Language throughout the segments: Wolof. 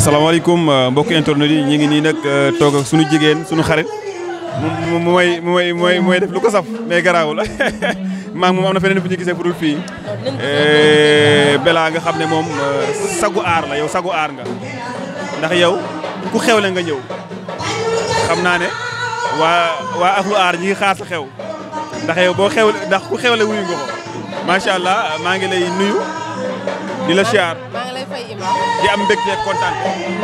salaamaaleykum euh, mbokk internet yi ñu ngi nii nag euh, toog suñu jigéen suñu xarit mu mooy mooy mooy mooy def lu ko saf mais garaawul maa moom am na feneen fu ñu gisee pour fii eh, belaa nga xam ne moom euh, sagu aar la yow sagu aar nga ndax yow ku xewle nga ñëw xam naa ne waa waa axlu aar ñi ngi xaar sa xew ndax yow boo xew ndax ku xewle wuyu nga ko macha allah maa ngi lay nuyu di la siyaar di am mbégte kontaan.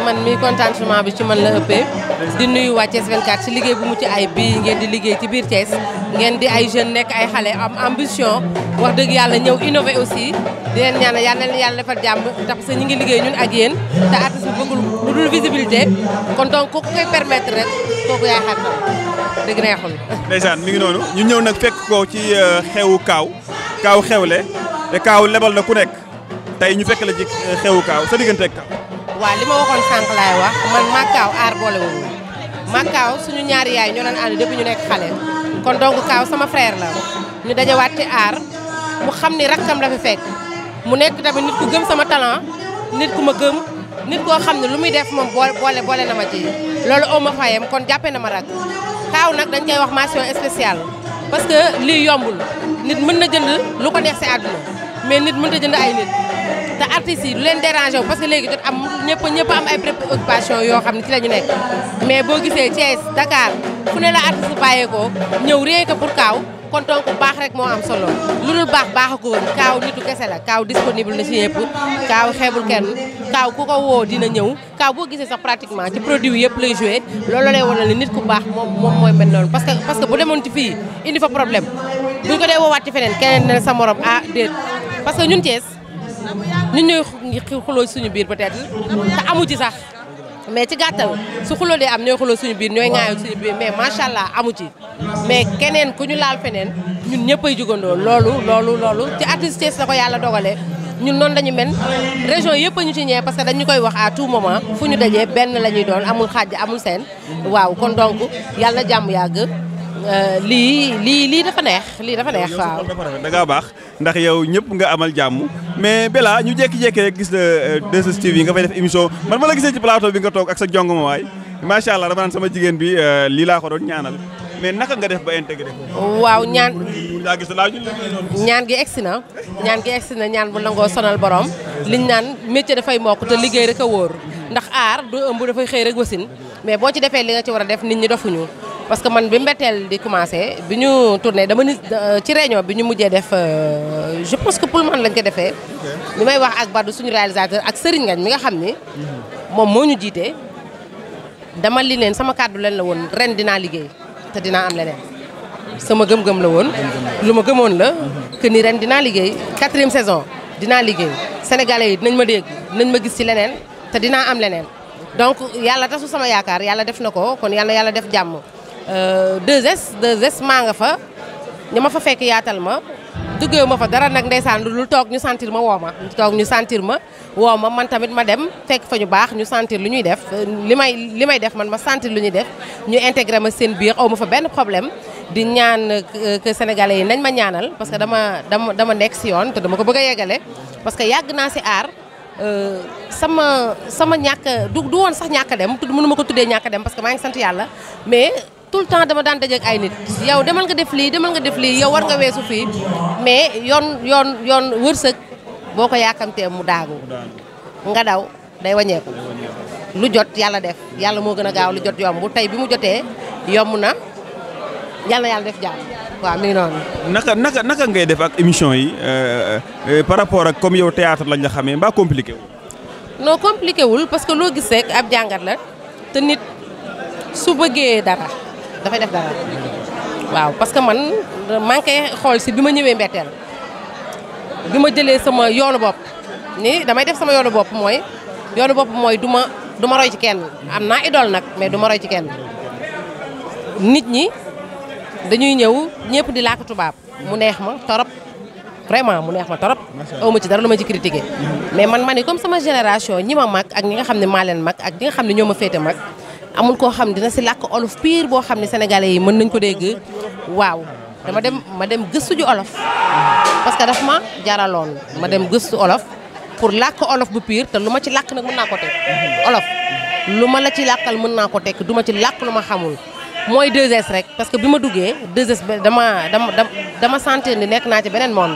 man mi contentement bi ci man la ëppee di nuyu waa Thiès 24 ci liggéey bu mu ci ay bii ngeen di liggéey ci biir Thiès ngeen di ay jeune nekk ay xale am ambition wax dëgg yàlla ñëw innover aussi di leen yàlla defal jàmm ndax parce que ñu ngi liggéey ñun ak yéen te artiste bi bëggul lu dul visibilité kon donc ku koy permettre rek kooku yaay xam dëgg neexul. ndeysaan mi ngi noonu ñu ñëw nag fekk ko ci euh, xewu kaaw kaaw xewle te kaaw lebal na ku tey ñu fekk la ci xewu kaaw sa diggante ak kaaw waaw li ma waxoon sànq laay wax man maag kaaw aar boolewul maag kaaw suñu ñaari yaay ñoo doon ànd depuis ñu nekk xale kon donc kaaw sama frère la ñu dajawaat ci aar mu xam ni rakkam la fi fekk mu nekk tamit nit ku gëm sama talent nit ku ma gëm nit koo xam ne lu muy def moom boole boole na ma ci loolu aw ma fayam kon jàppee na ma rak kaaw nag dañ koy wax mention spéciale parce que lii yombul nit mën na jënd lu ko neex mais nit mën na jënd ay nit te artistes yi du leen déranger wu parce que léegi jot am ñëpp ñëpp am ay préoccupation yoo xam ne ci la nekk mais boo gisee Thiès Dakar fu ne la artiste bàyyeekoo ñëw rien que pour Kaaw kon donc baax rek moo am solo lu dul baax baax ko woon Kaaw nitu kese la Kaaw disponible na si ñëpp Kaaw xeebul kenn Kaaw ku ko woo dina ñëw Kaaw boo gisee sax pratiquement ci produit yëpp lay lool loolu lay wane ne nit ku baax moom moom mooy mel noonu parce que parce bu sa morom ah que ñun Thiès. nit ñooy xuloo suñu biir peut te amu ci sax mais ci gàttal su xuloo dee am ñooy xuloo suñu biir ñooy ŋaayoo suñu biir mais macha allah amu ci mais keneen ku ñu laal feneen ñun ñëpp ay jugandoo loolu loolu loolu ci artiste la ko yàlla dogalee ñun noonu dañu mel région yëpp ci ñëwee parce que dañu koy wax à tout moment fu ñu dajee benn la ñuy doon amul xaaj amul seen waaw kon donc yàlla na jàmm yàgg Euh, lii lii lii dafa neex lii dafa neex waaw. da ngaa baax ndax yow ñëpp nga amal jàmm mais belaa ñu jékki-jékki rek gis la euh, 2STV yi nga fay def émission man ma la gisee ci plateau bi nga toog ak sa jongoma waay macha allah dama naan sama jigéen bi euh, lii laa ko doon ñaanal mais naka nga def ba intégré waaw ñaan ñaan gi egsi na ñaan gi na ñaan bu nangoo sonal borom liñ naan métier dafay mokk te liggéey rek a wóor ndax aar du ëmb dafay xëy rek wasin mais boo ci defee li nga ci war a def nit ñi dofuñu parce que man bi mbetteel di commencé bi ñu tourné dama ni ci réunion bi ñu mujjee def euh, je parce que pour man lañ ko defee. li may wax ak Badou suñu réalisateur ak Serigne mi nga xam ni. Mhm. moom moo ñu jiite. dama li leen sama kàddu leen la woon ren dinaa liggéey te dinaa am leneen sama gëm-gëm la woon. lu ma gëmoon la. Mhm. que ni ren dinaa liggéey quatrième saison dinaa liggéey sénégalais yi dinañ ma dégg dinañ ma gis ci leneen te dinaa am leneen. donc yàlla tasu sama yaakaar yàlla def na ko kon yàlla yàlla def jàmm. 2S euh, 2S maa nga fa ña ma fa fekk yaatal ma duggee ma fa dara nag ndeysaan lu toog ñu sentir ma woo ma toog ñu sentir ma woo ma man tamit ma dem fekk fa ñu baax ñu sentir lu ñuy def li may li may def man ma sentir lu ñuy def ñu integre ma seen biir aw ma fa benn problème di ñaan euh, que sénégalais yi nañ ma ñaanal parce que dama dama dama nekk si yoon te dama ko bëgg a yeggale parce que yàgg naa si aar euh, sama sama ñàkk du du woon sax ñàkk dem mënu ma ko tuddee ñàkk dem parce que maa ngi sant yàlla tout le temps dama daan dajeek ay nit yow demal nga def lii demal nga def lii yow war nga weesu fii mais yoon yoon yoon wërsëg boo ko yàkkamtee mu daagu nga daw day waññeeku lu jot yàlla def yàlla moo gën a gaaw lu jot yomb tey bi mu jotee yomb na yàlla yàlla def jàmm waaw mi ngi noonu. naka naka ngay def ak émission yi euh, euh, par rapport ak comme yow théâtre lañ la xamee mbaa compliqué wul. non compliqué wul parce que loo gis rek ab jàngat la te nit su bëggee dara. dafay def dara waaw parce que man maa ngi xool si bi ma ñëwee mbetteel bi ma jëlee sama yoonu bopp ni damay def sama yoonu bopp mooy yoonu bopp mooy du ma du ma roy ci kenn am naa idole nag mais du ma roy ci kenn nit ñi dañuy ñëw ñëpp di làkk tubaab mu neex ma torop vraiment mu neex ma torop aw ma ci dara lu ma ci critiqué mais man ma ni comme sama génération ñi ma mag ak ñi nga xam ne maa leen mag ak ñi nga xam ne ñoo ma féete mag amul koo xam dina si làkk olof pire boo xam ne sénégalais yi mën nañ ko dégg waaw dama dem ma dem gëstu ji olof parce que daf ma jaraloon ma dem gëstu olof pour làkk olof bu pire te lu ma ci làkk nag mën naa ko teg olof lu ma la ci làkkal mën naa ko tekk du ma ci làkk lu ma xamul mooy 2 rek parce que bi ma duggee 2S dama dama dama sentir ni nekk naa ci beneen moom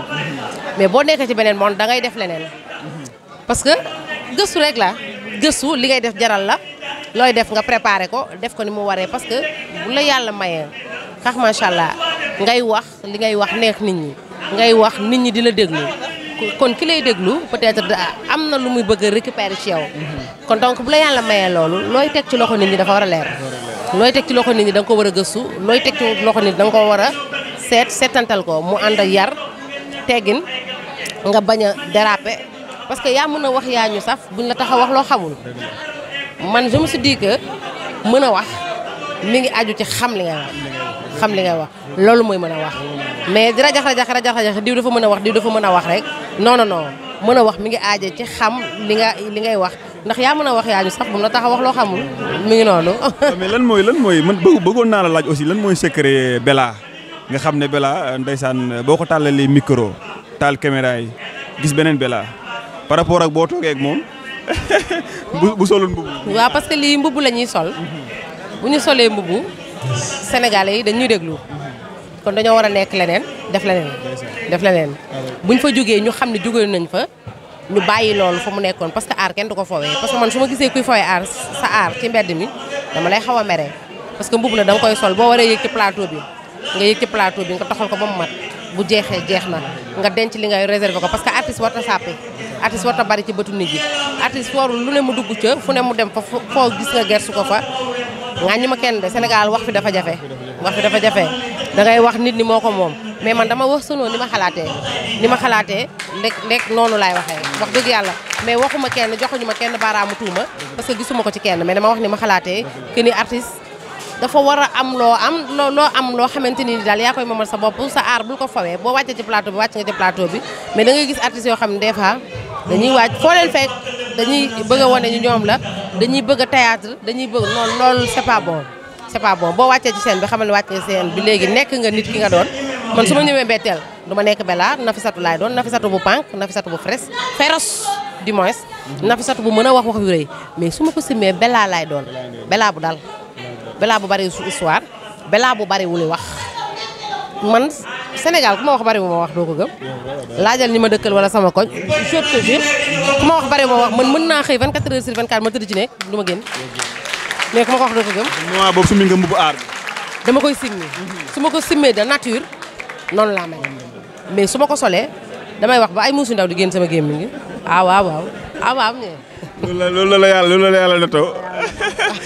mais boo nekkee ci beneen monde da ngay def leneen parce que gëstu rek la gëstu li ngay def jaral la looy def nga préparé ko def ko ni mu waree parce que bu la yàlla mayee xas macha allah ngay wax li ngay wax neex nit ñi ngay wax nit ñi di la déglu kon ki lay déglu peut-être am na lu muy bëgg a récupérer ci kon donc bu la yàlla mayee loolu looy teg ci loxo nit ñi dafa war a leer. looy teg ci loxo nit ñi da nga ko war a gëstu looy teg ci loxo nit da nga ko war a seet seetantal ko mu ànd ak yar teggin nga bañ a déraper parce que yaa mën a wax yaa ñu saf buñ la tax a wax loo xamul. man je me suis mën a wax mi ngi aju ci xam li ngay wax xam li ngay wax loolu mooy mën a wax mais di rajax rajax rajax diw dafa mën a wax diw dafa mën a wax rek non non non mën a wax mi ngi aaje ci xam li nga li wax ndax yaa mën a wax yaa ñu sax tax a wax loo xamul mi ngi noonu. mais lan mooy lan mooy man bëggoon naa la laaj aussi lan mooy secret Bella nga xam ne Bella euh, ndeysaan euh, boo ko tàllalee micro taal caméra yi gis beneen Bella par rapport ak boo toogee ak moom. bu bu solul mbubu. waaw parce que lii mbubu la ñuy sol. bu ñu solee mbubb Sénégalais yi dañuy déglu. kon dañoo war a nekk leneen def leneen. def leneen bu ñu fa jógee ñu xam ne jógee nañ fa. ñu bàyyi loolu fa mu nekkoon parce que aar kenn du ko fowee parce que man su ma gisee kuy fowee aar sa aar ci mbedd mi dama lay xaw a mere parce que mbubu la da koy sol boo waree yëg ci plateau bi nga yëg ci plateau bi nga taxal ko ba mu mat bu jeexee jeex na nga denc li ngay réserver ko parce que artiste war na sàppi artiste war ta bari ci bëtu nit yi artiste warul lu ne mu dugg ca fu ne mu dem fa foo gis nga gersu ko fa ŋàññi ma kenn de Sénégal wax fi dafa jafe wax fi dafa jafe da ngay wax nit ni moo ko moom mais man dama wax sanoo ni ma xalaatee ni ma xalaatee ndek ndek noonu laay waxee wax dëgg yàlla mais waxuma kenn joxuñu ma kenn baaraamu tuuma parce que gisuma ko ci kenn mais dama wax ni ma xalaatee que ni artiste dafa war a am loo am loo loo am xamante ni daal yaa koy moomal sa bopp sa aar ko fawee boo wàccee ci plateau bi wàcc nga ci plateau bi mais yoo xam ne des fois dañuy waaj foo leen fekk dañuy bëgg a wane ñu ñoom la dañuy bëgg a théâtre dañuy bëgg noonu loolu c'est pas bon c'est bon boo wàccee ci scène bi xamal ne wàccee scène bi léegi nekk nga nit ki nga doon man su ma ñëwee betteel du ma nekk Bella Nafisatu laay doon Nafisatu bu pànk Nafisatu bu fres féroce du moins Nafisatu bu mën a wax wax yu rëy mais su ma ko simmee Bella laay doon Bella bu dal Bella bu bari histoire Bella bu bari wuli wax man Sénégal ku ma wax bari wu ma wax doo ko gëm laajal ñi ma dëkkal wala sama koñ je te jure ku ma wax bari wax man mën naa xëy 24 heures sur 24 ma tëdd ci nekk du ma génn mais ku ma ko wax doo ko gëm. dama koy simmi su ma ko simmee de nature noonu laa mel mais su ma ko solee damay wax ba ay muusu ndaw di génn sama gémmi gi ah waaw waaw ah waaw. loolu la loolu la yàlla loolu la yàlla natoo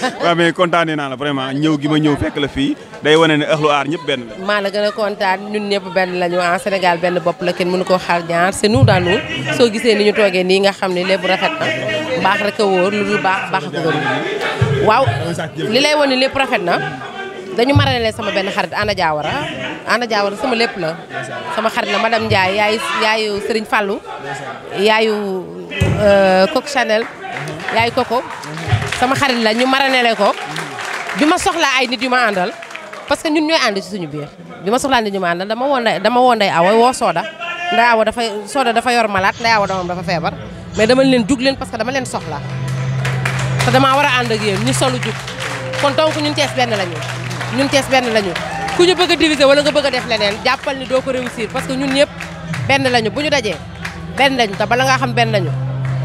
waaw mais kontaanee naa la vraiment ñëw gi ma ñëw fekk la fii day wane ne axlu aar ñëpp benn la. maa la gën a kontaan ñun ñëpp benn lañu en Sénégal benn bopp la kenn mënu ko xaar ñaar c'est nous dans nous soo gisee ni ñu toogee nii nga xam ne lépp rafet na baax rek a wóor lu dul baax baax a ko waaw li lay wane lépp rafet na dañu marale sama benn xarit Anna Diawara Anna Diawara sama lépp la sama xarit la madame Ndiaye yaayu yaayu Serigne Fallou yaayu euh, Coco Chanel yaayu Coco. sama xarit la ñu maranele ko bi ma soxlaa ay nit yu ma àndal parce que ñun ñooy ànd ci suñu biir bi ma soxlaa nit yu ma àndal dama woon dama woon nday awa woo Soda nday awa dafa Soda dafa yor malaat nday awa doomam dafa feebar mais dama leen jugleen leen parce que dama leen soxla te damaa war a ànd ak ñu sol jug kon donc ñun benn la ñu ñun Thiès benn la ñu ku ñu bëgg a diviser wala nga bëgg a def leneen jàppal ni doo ko réussir parce que ñun ñëpp benn lañu bu ñu dajee benn lañu te bala ngaa xam benn lañu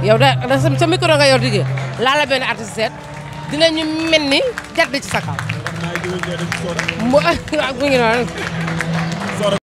yow da sa micro nga yor diggee laa la benn artiste seet dinañu mel ni jadd ci sa